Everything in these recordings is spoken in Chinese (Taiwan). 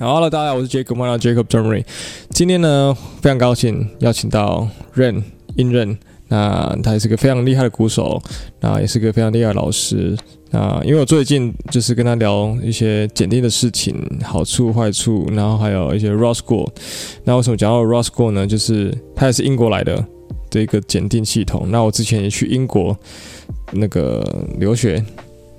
好了大家好，我是 Jacob，我叫 Jacob j r m y 今天呢，非常高興邀請到 Ren 英任，那他也是個非常厲害的鼓手，那也是個非常厲害的老師。那因為我最近就是跟他聊一些檢定的事情，好處壞處，然後還有一些 Rock School 那為什麼講到 Rock School 呢？就是他也是英國來的這一個檢定系統。那我之前也去英國那個留學。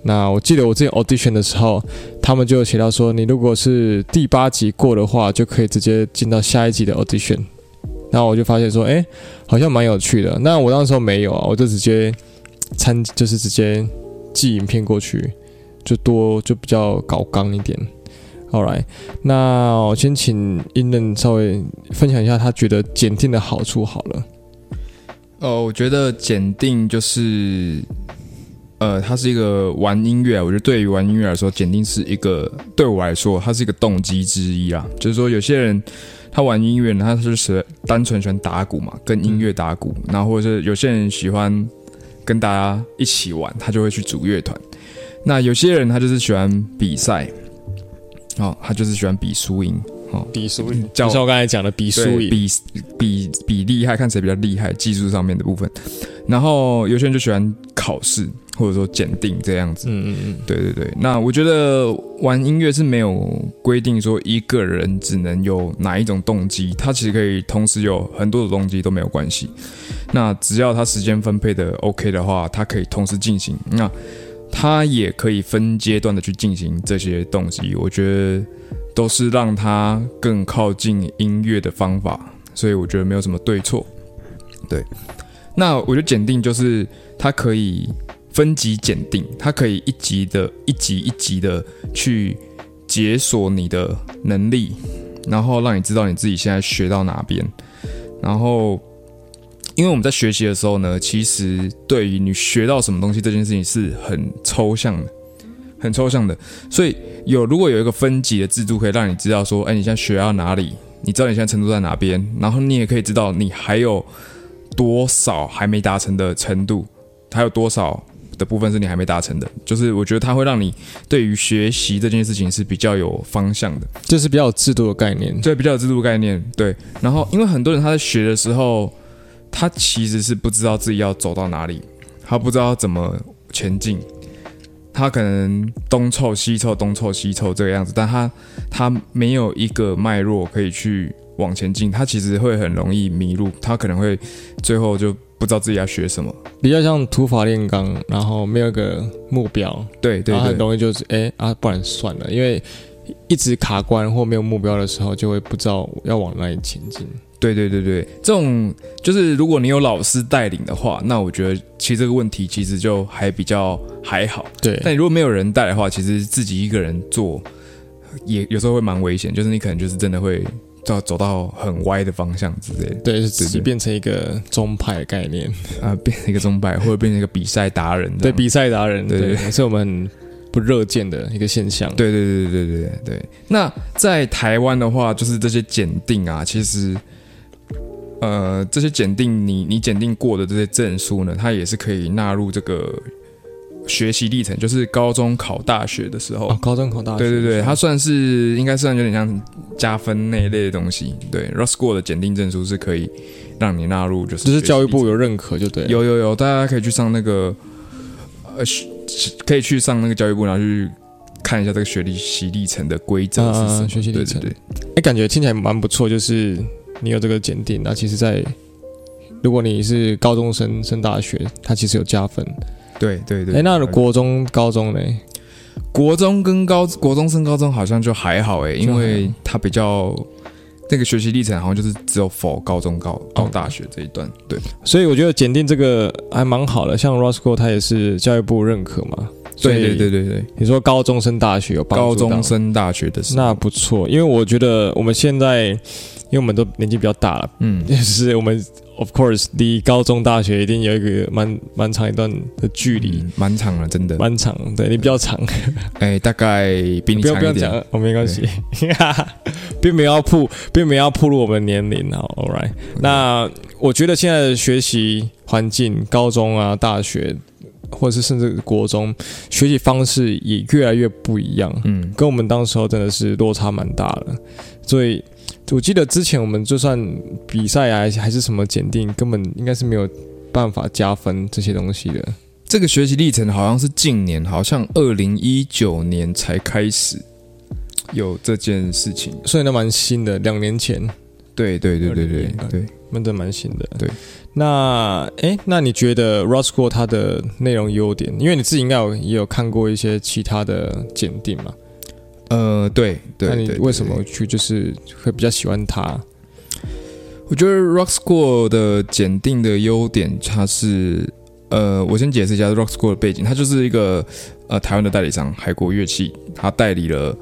那我記得我之前 audition 的時候，他們就寫到說，你如果是第八集過的話，就可以直接進到下一集的 audition。然後我就發現說，哎、欸，好像蠻有趣的。那我當時候沒有啊，我就直接參，就是直接寄影片過去，就多就比較搞綱一點。好，來，那我先請英 n n 稍微分享一下他覺得檢定的好處好了。呃、哦，我覺得檢定就是。呃，他是一個玩音樂，我覺得對於玩音樂來說，檢定是一個對我來說，它是一個動機之一啦。就是說，有些人他玩音樂，他就是單純喜歡打鼓嘛，跟音樂打鼓，嗯，然後或者是有些人喜歡跟大家一起玩，他就會去組樂團。那有些人他就是喜歡比賽，哦，他就是喜歡比輸贏。哦、比數，像我剛才講的比，比輸、比比比厲害，看誰比較厲害，技術上面的部分。然後有些人就喜歡考試，或者說檢定這樣子。嗯嗯嗯，對對對。那我覺得玩音樂是沒有規定說一個人只能有哪一種動機，他其實可以同時有很多的動機都沒有關係。那只要他時間分配的 OK 的話，他可以同時進行。那他也可以分階段的去進行這些動機，我覺得。都是讓它更靠近音樂的方法，所以我覺得沒有什麼對錯。對，那我覺得檢定就是它可以分級檢定，它可以一級的一級一級的去解鎖你的能力，然後讓你知道你自己現在學到哪邊。然後，因為我們在學習的時候呢，其實對於你學到什麼東西這件事情是很抽象的。很抽象的，所以有如果有一個分級的制度，可以讓你知道說，哎，你現在學到哪裡？你知道你現在程度在哪邊？然後你也可以知道你還有多少還沒達成的程度，還有多少的部分是你還沒達成的。就是我覺得它會讓你對於學習這件事情是比較有方向的，就是比較有制度的概念。對，比較有制度的概念。對。然後因為很多人他在學的時候，他其實是不知道自己要走到哪裡，他不知道怎麼前進。他可能東湊西湊，東湊西湊這個樣子，但他他沒有一個脈絡可以去往前進，他其實會很容易迷路，他可能會最後就不知道自己要學什麼，比較像土法煉鋼，然後沒有個目標，對對，很容易就是哎啊，不然算了，因為一直卡關或沒有目標的時候，就會不知道要往哪裡前進。對對對對，這種就是如果你有老師帶領的話，那我覺得其實這個問題其實就還比較還好。對，但你如果沒有人帶的話，其實自己一個人做也有時候會蠻危險，就是你可能就是真的會到走到很歪的方向之類的。對，是自己變成一個宗派概念啊、呃，變成一個宗派，或者變成一個比賽達人。對，比賽達人，對對，是我們很不樂見的一個現象。對對對對對對對,對對對對對。那在台灣的話，就是這些檢定啊，其實。呃，這些檢定你你檢定過的這些證書呢，它也是可以納入這個學習歷程，就是高中考大學的時候，哦、高中考大學，對對對，它算是、嗯、應該算是有點像加分那一類的東西。對，Rock School 的檢定證書是可以讓你納入就是，就是教育部有認可，就對了，有有有，大家可以去上那個，呃學，可以去上那個教育部，然後去看一下這個學歷習歷程的規則，啊學習歷程，對，對，對，哎、欸，感覺聽起來蠻不錯，就是。你有這個檢定，那其實在，在如果你是高中生升大學，它其實有加分。對對對。哎、欸，那國中、高中呢？國中跟高國中升高中好像就還好，哎、欸，因為它比較那個學習歷程好像就是只有否高中高、高大學這一段、嗯。對，所以我覺得檢定這個還蠻好的，像 Rockschool 它也是教育部認可嘛。對對對對對。你說高中升大學有高中升大學的事，那不錯，因為我覺得我們現在。因為我們都年紀比較大了，嗯，也 是我們，of course，離高中、大學一定有一個蠻蠻長一段的距離，嗯、蠻長了、啊，真的，蠻長，對你比較長，哎，大概比你長一點，不用不用講哦，沒關係，哈哈，並沒有要鋪，並沒有要曝露我們年齡，好，all right。Okay. 那我覺得現在的學習環境，高中啊、大學，或者是甚至國中，學習方式也越來越不一樣，嗯，跟我們當時候真的是落差蠻大了，所以。我記得之前我們就算比賽啊，還是什麼檢定，根本應該是沒有辦法加分這些東西的。這個學習歷程好像是近年，好像二零一九年才開始有這件事情，所以那蠻新的。兩年前，對對對對對 2020, 對，都蠻新的。對，那誒、欸，那你覺得 Rockschool 它的內容優點？因為你自己應該有也有看過一些其他的檢定嘛。呃，對對對，為什麼去就是會比較喜歡他？對對對對我覺得 Rock School 的檢定的優點，它是呃，我先解釋一下 Rock School 的背景，它就是一個呃台灣的代理商海國樂器，它代理了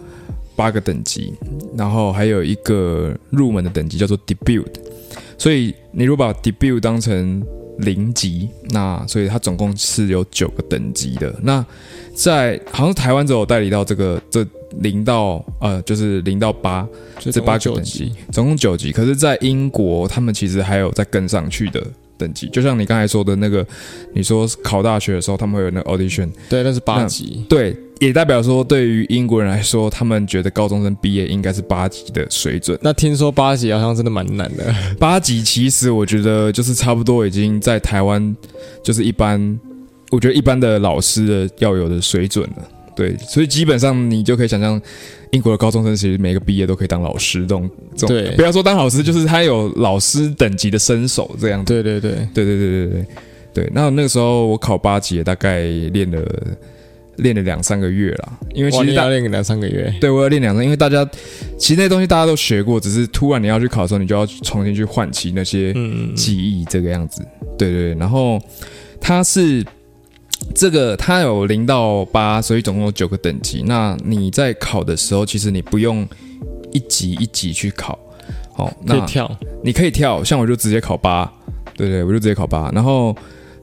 八個等級，然後還有一個入門的等級叫做 Debut，所以你如果把 Debut 當成零級，那所以它總共是有九個等級的。那在好像是台灣只有代理到這個這。零到呃，就是零到八，這八九等級，總共九級。可是，在英國，他們其實還有再更上去的等級。就像你剛才說的那個，你說考大學的時候，他們會有那個 audition。對，那是八級。對，也代表說，對於英國人來說，他們覺得高中生畢業應該是八級的水準。那聽說八級好像真的蠻難的。八級其實我覺得就是差不多已經在台灣，就是一般，我覺得一般的老師的要有的水準了。對，所以基本上你就可以想象，英國的高中生其實每個畢業都可以當老師，這種。對，這種，不要說當老師，就是他有老師等級的身手這樣子。對對對對對對對對。對，那那個時候我考八級，大概練了練了兩三個月了，因為其實大要練個兩三個月。對，我要練兩三個月，因為大家其實那些東西大家都學過，只是突然你要去考的時候，你就要重新去喚起那些記憶，這個樣子。嗯、對，對對，然後他是。這個它有零到八，所以總共有九個等級。那你在考的時候，其實你不用一級一級去考，好，那跳，你可以跳。像我就直接考八，對不對？我就直接考八。然後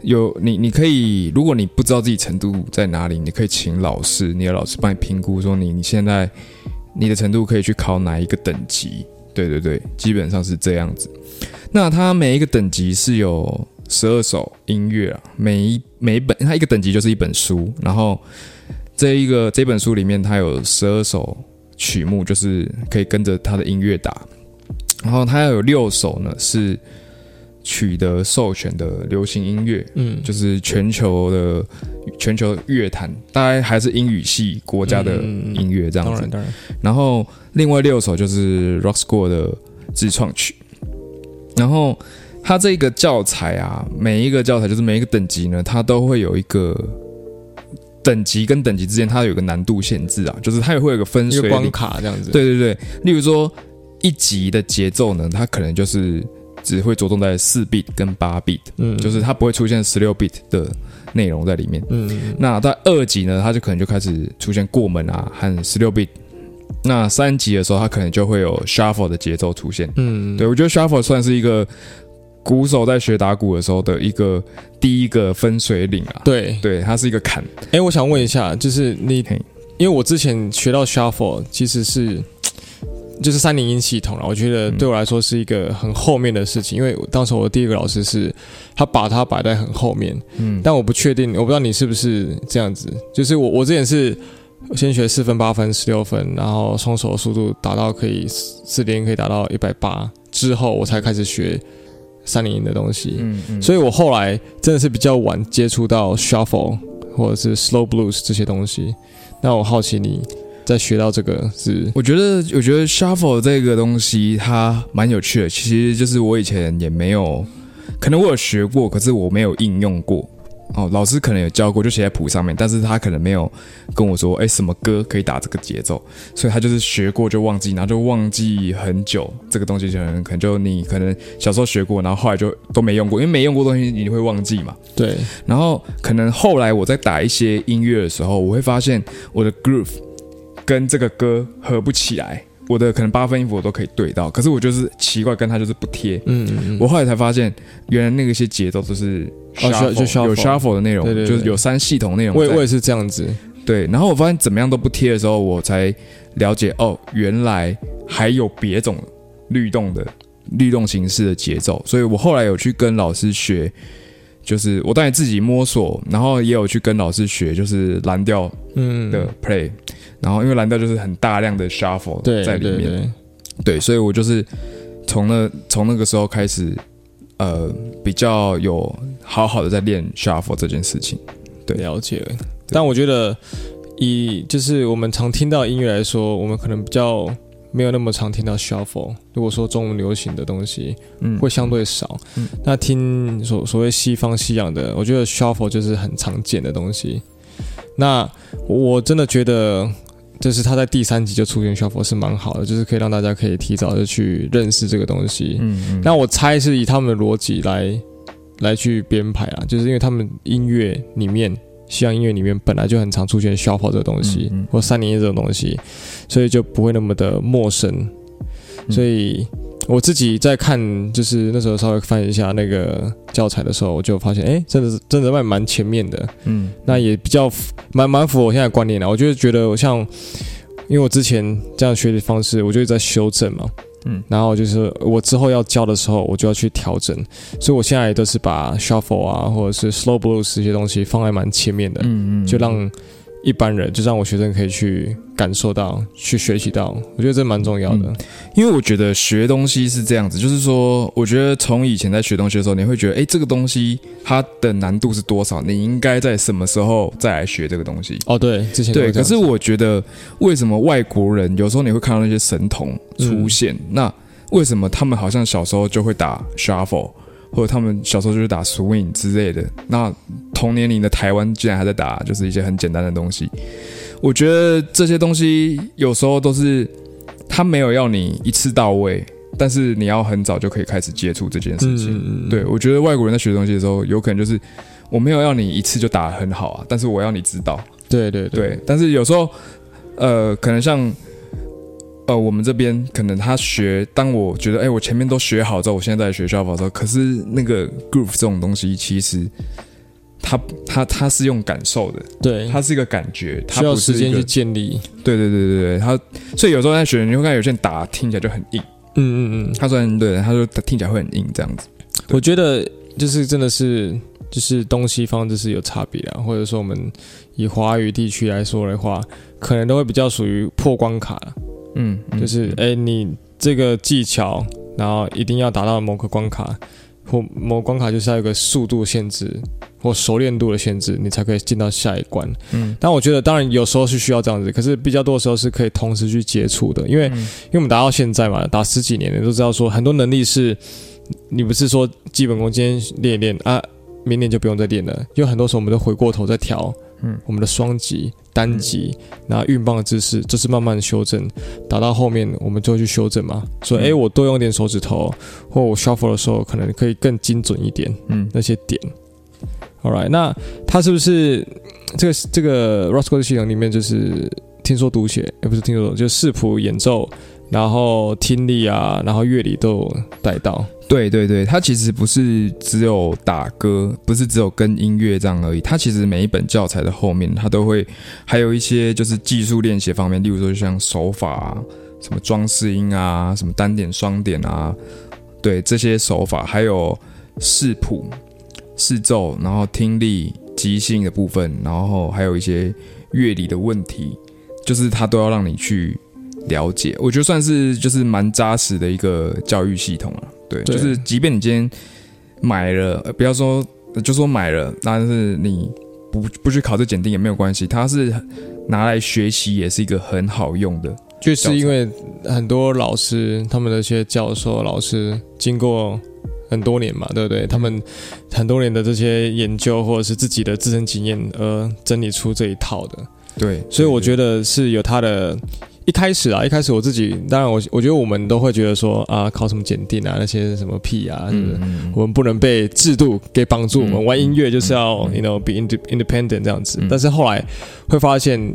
有你，你可以，如果你不知道自己程度在哪裡，你可以請老師，你的老師幫你評估說你，你現在你的程度可以去考哪一個等級。對對對，基本上是這樣子。那它每一個等級是有十二首音樂啊，每一。每一本它一個等級就是一本書，然後這一個這本書裡面它有十二首曲目，就是可以跟着它的音樂打。然後它要有六首呢是取得授權的流行音樂，嗯，就是全球的全球的樂壇，大概還是英語系國家的音樂這樣子。嗯、當然，當然，然後另外六首就是 Rock School 的自創曲，然後。它這個教材啊，每一個教材就是每一個等級呢，它都會有一個等級跟等級之間，它有一個難度限制啊，就是它也會有一個分關卡這樣子。對對對，例如說一級的節奏呢，它可能就是只會着重在四 beat 跟八 beat，嗯，就是它不會出現十六 beat 的內容在裡面。嗯。那在二級呢，它就可能就開始出現過門啊和十六 beat。那三級的時候，它可能就會有 shuffle 的節奏出現。嗯嗯。對，我覺得 shuffle 算是一個。鼓手在學打鼓的時候的一個第一個分水嶺啊，對，對對，它是一個坎。哎、欸，我想問一下，就是你，因為我之前學到 shuffle 其實是就是三連音系統了，我覺得對我來說是一個很後面的事情，嗯、因為當時我的第一個老師是，他把它擺在很後面。嗯，但我不確定，我不知道你是不是這樣子。就是我我之前是先學四分、八分、十六分，然後雙手的速度達到可以四連，可以達到一百八之後，我才開始學。三零零的東西，嗯嗯，所以我後來真的是比較晚接觸到 shuffle 或者是 slow blues 這些東西。那我好奇你在學到這個是，我覺得我覺得 shuffle 這個東西它蠻有趣的，其實就是我以前也沒有，可能我有學過，可是我沒有應用過。哦，老師可能有教過，就寫在譜上面，但是他可能沒有跟我說，哎、欸，什麼歌可以打這個節奏，所以他就是學過就忘記，然後就忘記很久，這個東西可能可能就你可能小時候學過，然後後來就都沒用過，因為沒用過東西你會忘記嘛。對，然後可能後來我在打一些音樂的時候，我會發現我的 groove 跟這個歌合不起來。我的可能八分音符我都可以對到，可是我就是奇怪，跟他就是不貼。嗯，我後來才發現，原來那些節奏就是 shuffle、哦、就 shuffle，有 shuffle 的內容，對對對，就是有三系統內容。我我也是這樣子。對，然後我發現怎麼樣都不貼的時候，我才了解哦，原來還有別種律動的律動形式的節奏。所以我後來有去跟老師學，就是我當然自己摸索，然後也有去跟老師學，就是藍調的 play，嗯。然後，因為藍調就是很大量的 shuffle 對，在裡面對對對，對，所以我就是從那從那個時候開始，呃，比較有好好的在練 shuffle 這件事情，對，了解了。但我覺得以就是我們常聽到音樂來說，我們可能比較沒有那麼常聽到 shuffle，如果說中文流行的東西，嗯，會相對少，嗯，那聽所所謂西方西洋的，我覺得 shuffle 就是很常見的東西。那我真的覺得。就是他在第三集就出現 shuffle 是蠻好的，就是可以讓大家可以提早的去認識這個東西。嗯，嗯，那我猜是以他們的邏輯來來去編排啊，就是因為他們音樂裡面，西洋音樂裡面本來就很常出現 shuffle 這個東西，嗯嗯，或三連音這種東西，所以就不會那麼的陌生，所以。嗯嗯我自己在看，就是那時候稍微翻一下那個教材的時候，我就發現，哎、欸，真的是真的蠻蠻前面的，嗯，那也比較蠻蠻符合我現在的觀念的。我就覺得，我像因為我之前這樣學習方式，我就一直在修正嘛，嗯，然後就是我之後要教的時候，我就要去調整，所以我現在也都是把 shuffle 啊，或者是 slow blues 這些東西放在蠻前面的，嗯嗯，嗯，嗯，就讓。一般人就讓我學生可以去感受到、去學習到，我覺得這蠻重要的、嗯。因為我覺得學東西是這樣子，就是說，我覺得從以前在學東西的時候，你會覺得，哎，這個東西它的難度是多少？你應該在什麼時候再來學這個東西？哦，對，之前對。可是我覺得，為什麼外國人有時候你會看到那些神童出現？嗯、那為什麼他們好像小時候就會打 shuffle，或者他們小時候就是打 swing 之類的？那同年齡的台灣竟然還在打，就是一些很簡單的東西。我覺得這些東西有時候都是他沒有要你一次到位，但是你要很早就可以開始接觸這件事情、嗯。對，我覺得外國人在學東西的時候，有可能就是我沒有要你一次就打得很好啊，但是我要你知道。對對對，對但是有時候呃，可能像呃我們這邊可能他學，當我覺得哎、欸，我前面都學好之後，我現在在學校防的時候，可是那個 groove 這種東西其實。他他他是用感受的，對，他是一個感覺，他需要時間去建立。對對對對他所以有時候在學人，你會看有些人打聽起來就很硬，嗯嗯嗯，他說對，他說聽起來會很硬這樣子。我覺得就是真的是就是東西方就是有差別啊，或者說我們以華語地區來說的話，可能都會比較屬於破關卡，嗯嗯嗯，就是哎你這個技巧，然後一定要達到某個關卡。或某關卡就是要有個速度限制，或熟練度的限制，你才可以進到下一關。嗯，但我覺得當然有時候是需要這樣子，可是比較多的時候是可以同時去接觸的，因為、嗯、因為我們打到現在嘛，打十幾年了，你都知道說很多能力是你不是說基本功今天練一練啊，明年就不用再練了，因為很多時候我們都回過頭再調。嗯，我們的雙擊、單擊，然後運棒的姿勢，就是慢慢修正，打到後面我們就會去修正嘛。所以誒、欸，我多用點手指頭，或我 shuffle 的時候可能可以更精準一點。嗯，那些點。Alright，那它是不是這個這個 Rock School 系統裡面就是聽說讀寫？也、欸、不是聽說讀，就是視譜演奏，然後聽力啊，然後樂理都有帶到。對對對，它其實不是只有打歌，不是只有跟音樂這樣而已。它其實每一本教材的後面，它都會還有一些就是技術練習方面，例如說就像手法啊，什麼裝飾音啊，什麼單點雙點啊，對，這些手法，還有視譜、視奏，然後聽力、即興的部分，然後還有一些樂理的問題，就是它都要讓你去。了解，我覺得算是就是蠻紮實的一個教育系統啊對。對，就是即便你今天買了，不要說就說買了，但是你不不去考這檢定也沒有關係，它是拿來學習也是一個很好用的。就是因為很多老師，他們那些教授老師，經過很多年嘛，對不對，對？他們很多年的這些研究，或者是自己的自身經驗，而整理出這一套的。對，對對。所以我覺得是有他的。一開始啊，一開始我自己，當然我我覺得我們都會覺得說啊，考什麼檢定啊，那些什麼屁啊、嗯，我們不能被制度給綁住。我們、嗯、玩音樂就是要、嗯、，you know，be independent 這樣子、嗯。但是後來會發現，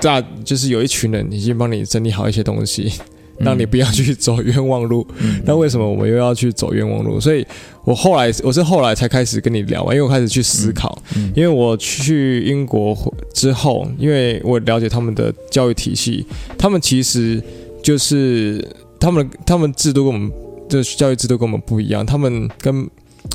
大，就是有一群人已經幫你整理好一些東西，讓你不要去走冤枉路。那、嗯、為什麼我們又要去走冤枉路？所以我後來我是後來才開始跟你聊完，因為我開始去思考，嗯嗯、因為我去英國。之後，因為我了解他們的教育體系，他們其實就是他們，他們制度跟我們就是教育制度跟我們不一樣。他們跟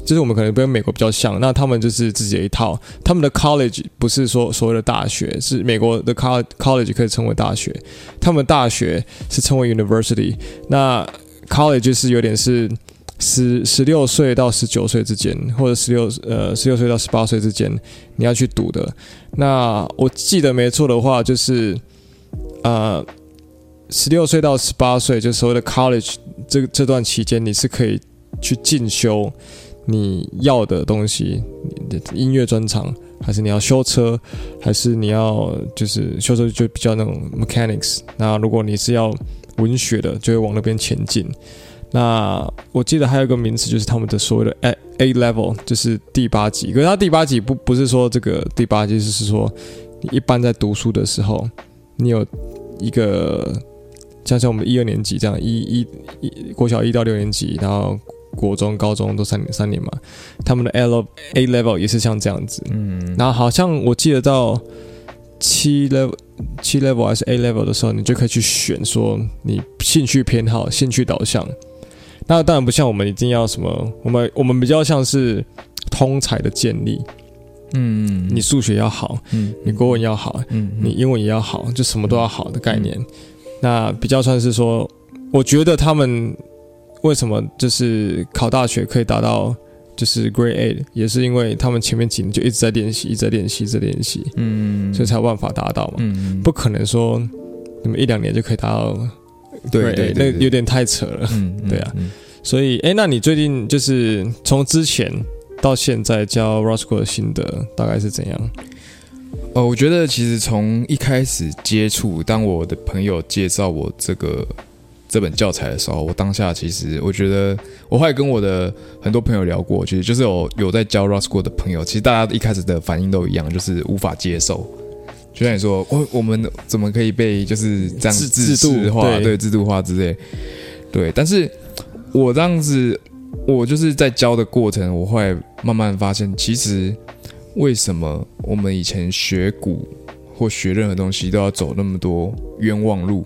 就是我們可能跟美國比較像，那他們就是自己的一套。他們的 college 不是說所謂的大學，是美國的 college college 可以稱為大學，他們大學是稱為 university，那 college 就是有點是。十十六歲到十九歲之間，或者十六呃十六歲到十八歲之間，你要去讀的。那我記得沒錯的話，就是呃，十六歲到十八歲，就所謂的 college，這這段期間，你是可以去進修你要的東西，音樂專長，還是你要修車，還是你要就是修車就比較那種 mechanics。那如果你是要文學的，就會往那邊前進。那我記得還有一個名詞，就是他們的所謂的“ A A level”，就是第八級。可是他第八級不不是說這個第八級，就是說你一般在讀書的時候，你有一個，像像我們一二年級這樣，一一一國小一到六年級，然後國中、高中都三年三年嘛。他們的 A level A level 也是像這樣子，嗯。然後好像我記得到七 level 七 level 還是 A level 的時候，你就可以去選，說你興趣偏好、興趣導向。那當然不像我們一定要什麼，我們我們比較像是通才的建立，嗯，你數學要好，嗯，你國文要好，嗯，你英文也要好、嗯，就什麼都要好的概念、嗯，那比較算是說，我覺得他們為什麼就是考大學可以達到就是 Grade 8，也是因為他們前面幾年就一直在練習，一直在練習，在練習，嗯，所以才有辦法達到嘛、嗯，不可能說那麼一兩年就可以達到。對對，對，那有點太扯了。嗯。嗯嗯嗯，對啊，所以誒，那你最近就是從之前到現在教 Rockschool 的心得大概是怎樣？呃、哦，我覺得其實從一開始接觸，當我的朋友介紹我這個這本教材的時候，我當下其實我覺得，我後來跟我的很多朋友聊過，其實就是有有在教 Rockschool 的朋友，其實大家一開始的反應都一樣，就是無法接受。學長也說，我我們怎麼可以被就是這樣制度化？制度對，對，制度化之類。對，但是我這樣子，我就是在教的過程，我後來慢慢發現，其實為什麼我們以前學鼓或學任何東西都要走那麼多冤枉路？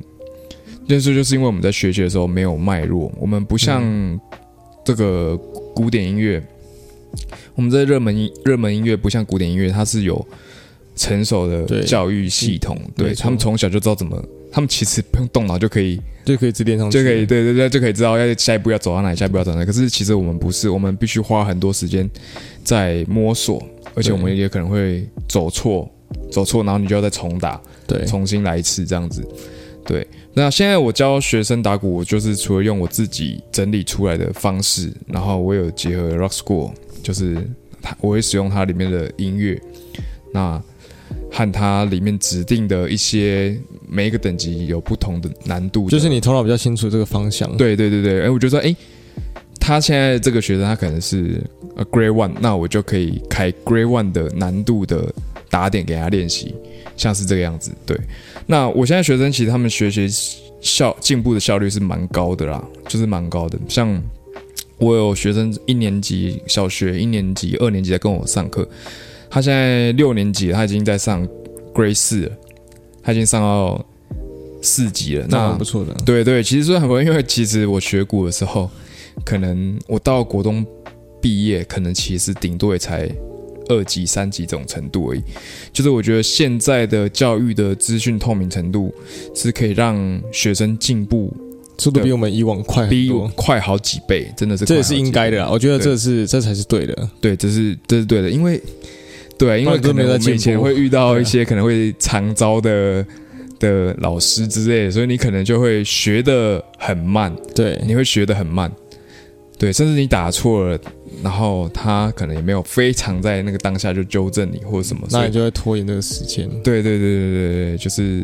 其實就是因為我們在學習的時候沒有脈絡，我們不像這個古典音樂，嗯、我們在熱門音熱門音樂不像古典音樂，它是有。成熟的教育系統，對、嗯、對他們從小就知道怎麼，他們其實不用動腦就可以，就可以直接上，就可以對對對，就可以知道要下一步要走到哪，下一步要走到哪。可是其實我們不是，我們必須花很多時間在摸索，而且我們也可能會走錯，走錯，走錯，然後你就要再重打，對，重新來一次這樣子。對，那現在我教學生打鼓，我就是除了用我自己整理出來的方式，然後我有結合 Rock School，就是它，我會使用它裡面的音樂，那。和它裡面指定的一些，每一個等級有不同的難度，就是你頭腦比較清楚這個方向。對對對對，哎、欸，我覺得誒，他現在這個學生他可能是 A Grade One，那我就可以開 Grade One 的難度的打點給他練習，像是這個樣子。對，那我現在學生其實他們學習效進步的效率是蠻高的啦，就是蠻高的。像我有學生一年級，小學一年級、二年級在跟我上課。他現在六年級，他已經在上 Grade 四了，他已經上到四級了，那很不錯的啊。對對，其實說很不容易，因為，其實我學鼓的時候，可能我到國中畢業，可能其實頂多也才二級、三級這種程度而已。就是我覺得現在的教育的資訊透明程度，是可以讓學生進步速度比我們以往快，比以往快好幾倍，真的是。這是應該的啦，我覺得這是這才是對的，對，這是這是對的，因為。對，因為可能我們以前會遇到一些可能會常招的的老師之類的。所以你可能就會學的很慢。對，你會學的很慢。對，甚至你打錯了，然後他可能也沒有非常在那個當下就糾正你或者什麼，那你就會拖延這個時間。對對對對對，就是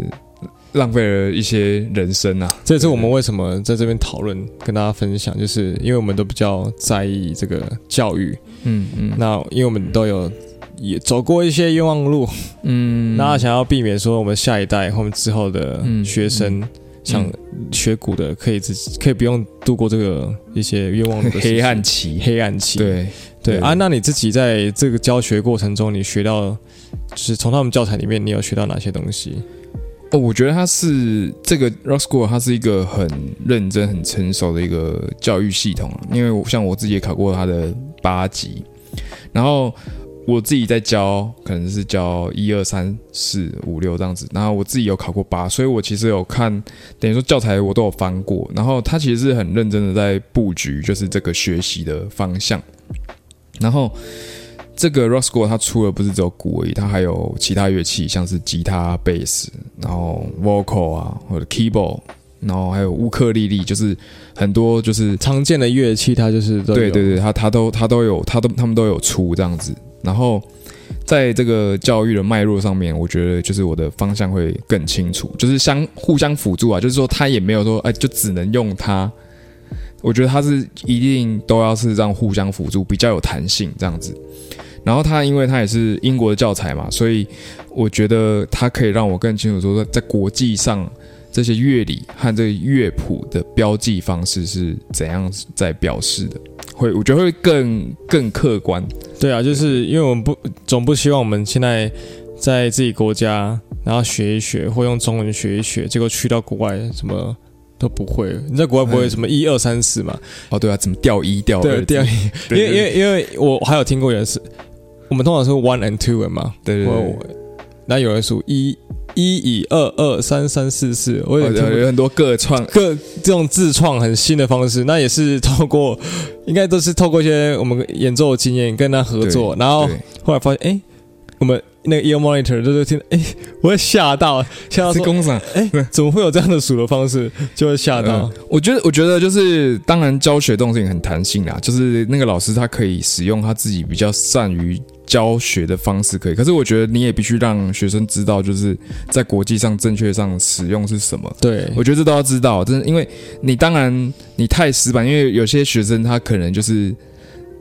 浪費了一些人生啊。這也是我們為什麼在這邊討論跟大家分享，就是因為我們都比較在意這個教育。嗯嗯，那因為我們都有。也走過一些冤枉路，嗯，那想要避免說我們下一代或者之後的學生想、嗯嗯、學鼓的，可以自己可以不用度過這個一些冤枉的黑暗期，黑暗期，對對，對啊。那你自己在這個教學過程中，你學到就是從他們教材裡面，你有學到哪些東西？哦，我覺得他是這個 Rock School，他是一個很認真、很成熟的一個教育系統，啊，因為我像我自己也考過他的八級，然後。我自己在教，可能是教一二三四五六這樣子，然後我自己有考過八，所以我其實有看，等於說教材我都有翻過。然後他其實是很認真的在布局，就是這個學習的方向。然後這個 Rock School 它出的不是只有鼓而已，它還有其他樂器，像是吉他、貝斯，然後 Vocal 啊，或者 Keyboard，然後還有烏克麗麗，就是很多就是常見的樂器，它就是都對對對，它它都它都有，它都他們都有出這樣子。然後，在這個教育的脈絡上面，我覺得就是我的方向會更清楚，就是相互相輔助啊，就是說他也沒有說，哎，就只能用它。我覺得它是一定都要是這樣互相輔助，比較有彈性這樣子。然後他，因為他也是英國的教材嘛，所以我覺得它可以讓我更清楚說，在國際上這些樂理和這個樂譜的標記方式是怎樣在表示的。會，我覺得會更更客觀。對啊，就是因為我們不總不希望我們現在在自己國家，然後學一學，或用中文學一學，結果去到國外什麼都不會。你在國外不會什麼一二三四嘛？哦，對啊，怎麼調一調二調一？因為因為因為我還有聽過有人是，我們通常說 one and two 的嘛。對對對，那有人說一。一、以、二、二、三、三、四、四，我也有很多各創各這種自創很新的方式，那也是透過，應該都是透過一些我們演奏的經驗跟他合作，然後後來發現，哎、欸，我們那個 ear monitor 就是聽，哎、欸，我也嚇到，嚇到是工廠，哎、欸，怎麼會有這樣的數的方式，就會嚇到。我覺得，我覺得就是，當然教學東西很彈性啦，就是那個老師他可以使用他自己比較善於。教學的方式可以，可是我覺得你也必須讓學生知道，就是在國際上正確上使用是什麼。對，我覺得這都要知道。真的，因為你當然你太死板，因為有些學生他可能就是，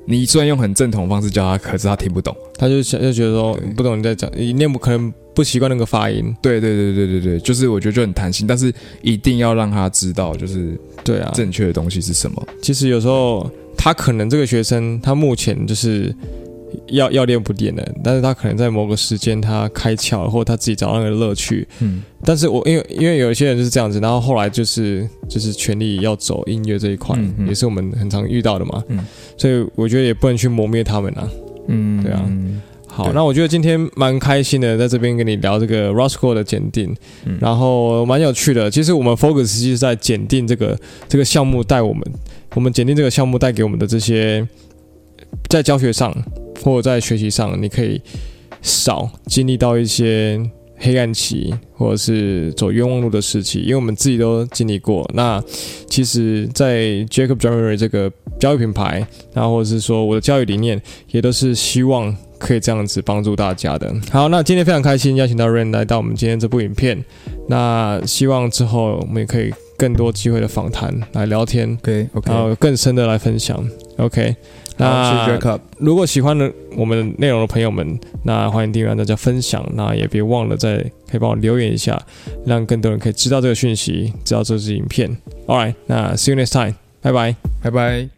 你雖然用很正統的方式教他，可是他聽不懂，他就想就覺得說不懂你在講，你念不可能不習慣那個發音。對對對對對對，就是我覺得就很彈性，但是一定要讓他知道就是對啊，正確的東西是什麼啊。其實有時候他可能這個學生他目前就是。要要練不練的，但是他可能在某個時間他開竅，或他自己找到那個樂趣。嗯，但是我因為因為有一些人就是這樣子，然後後來就是就是全力要走音樂這一塊，嗯嗯，也是我們很常遇到的嘛。嗯，所以我覺得也不能去磨滅他們啊。嗯，對啊。嗯、好，那我覺得今天蠻開心的，在這邊跟你聊這個 Rockschool 的檢定，嗯，然後蠻有趣的。其實我們 Focus 其實在檢定這個這個項目帶我們，我們檢定這個項目帶給我們的這些，在教學上。或者在學習上，你可以少經歷到一些黑暗期，或者是走冤枉路的事情。因為我們自己都經歷過。那其實，在 Jacob January 這個教育品牌，然後或者是說我的教育理念，也都是希望可以這樣子幫助大家的。好，那今天非常開心邀請到 Ren 來到我們今天這部影片。那希望之後我們也可以更多機會的訪談來聊天 o、okay, okay. 然後更深的來分享，OK。那如果喜歡的我們內容的朋友們，那歡迎訂閱、大家分享，那也別忘了再可以幫我留言一下，讓更多人可以知道這個訊息，知道這支影片。All right，那 see you next time，拜拜，拜拜。